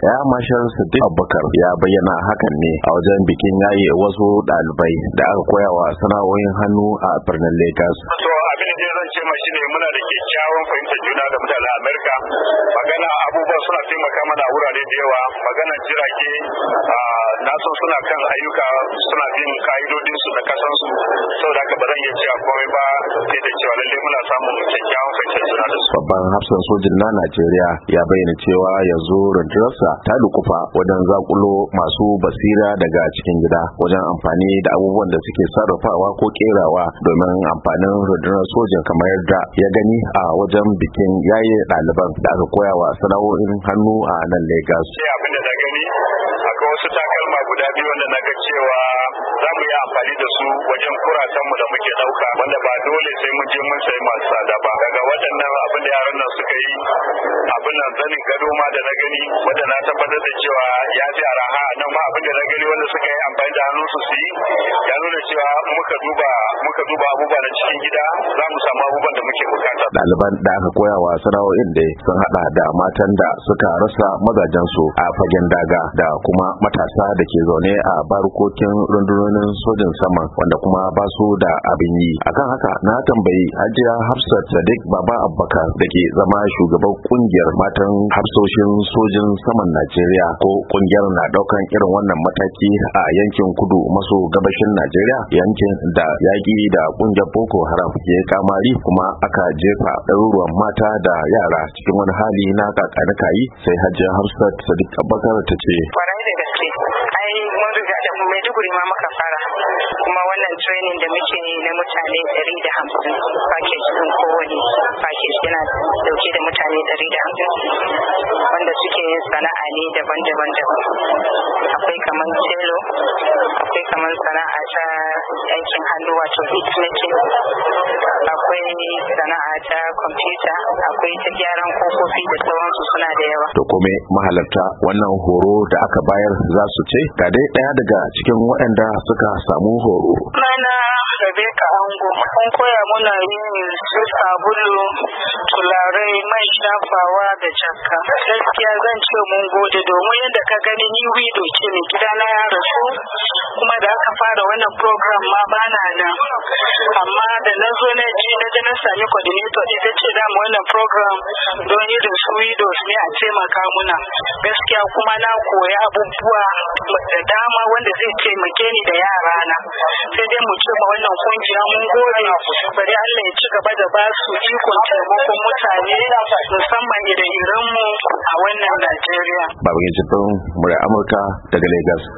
ya mashar sadiq abubakar ya bayyana hakan ne a wajen bikin yayi wasu ɗalibai da aka koya wa sana'o'in hannu a birnin lagos abin da zan ce ma ne muna da kyakkyawan fahimtar juna da mutanen amerika magana abubuwan suna taimaka mana wurare da yawa magana jirage na so suna kan ayyuka suna bin ka'idodin su da kasansu saboda haka ba zan iya cewa komai ba sai da cewa lalle muna samun kyakkyawan fahimtar babban hafsan sojin na Najeriya ya bayyana cewa yanzu rundunarsa ta lukufa wajen zakulo masu basira daga cikin gida wajen amfani da abubuwan da suke sarrafawa ko kerawa domin amfanin rundunar sojin kamar yadda ya gani a wajen bikin yaye ɗaliban da aka koya wa sana'o'in hannu a nan Lagos. abin da na gani wasu takalma guda biyu wanda na ga cewa za mu yi amfani da su wajen kuratanmu da muke ɗauka wanda ba dole sai mun je mun sai masu tsada ba daga waɗannan abin yi abin nan zanin gado ma da na gani wanda na tabbatar da cewa ya fi araha nan ma abin da na gani wanda suka yi amfani da hannun su su yi ya nuna cewa muka duba muka duba abubuwa na cikin gida ɗaliban da aka koya wa sana'o'in da sun hada da matan da suka rasa su a fagen daga da kuma matasa da ke zaune a barukokin rundunonin sojin sama wanda kuma ba su da abin yi akan haka na tambayi hajiya hafsat sadiq baba abubakar da ke zama shugaban kungiyar matan hafsoshin sojin saman najeriya ko kungiyar na daukan irin wannan mataki a yankin kudu maso gabashin najeriya yankin da yaƙi da kungiyar boko haram ke kamari kuma aka je jefa ɗaruruwan mata da yara cikin wani hali na kakanikayi sai hajiya hafsat sadiq abubakar ta ce kwarai da gaske ai mun riga da maiduguri ma muka fara kuma wannan training da muke yi na mutane da hamsin package ɗin kowane package yana dauke da mutane 150 daban-daban akwai kamar telo akwai kamar sana'a ta yankin hannu wato hitmaking akwai sana'a ta kwamfuta akwai ta gyaran kofofi da sauransu suna da yawa to kome mahalarta wannan horo da aka bayar za su ce ga dai daya daga cikin waɗanda suka samu horo ka Ango an koya muna yin su sabulu tularai mai shafawa da jakka gaskiya zan ce mun gode domin yadda ka gani ni wido ce ne na ya rasu kuma fara wannan program ma bana nan amma da na zo na ji na ji na sami coordinator ita ce da wannan program don yi da su widows ne a taimaka muna gaskiya kuma na koya abubuwa da dama wanda zai taimake ni da yara na sai dai mu ce ma wannan kungiya mun gode bari Allah ya ci gaba da ba su ikon taimakon mutane musamman idan mu a wannan Najeriya. Babangiji Firin, Murai Amurka daga Lagos.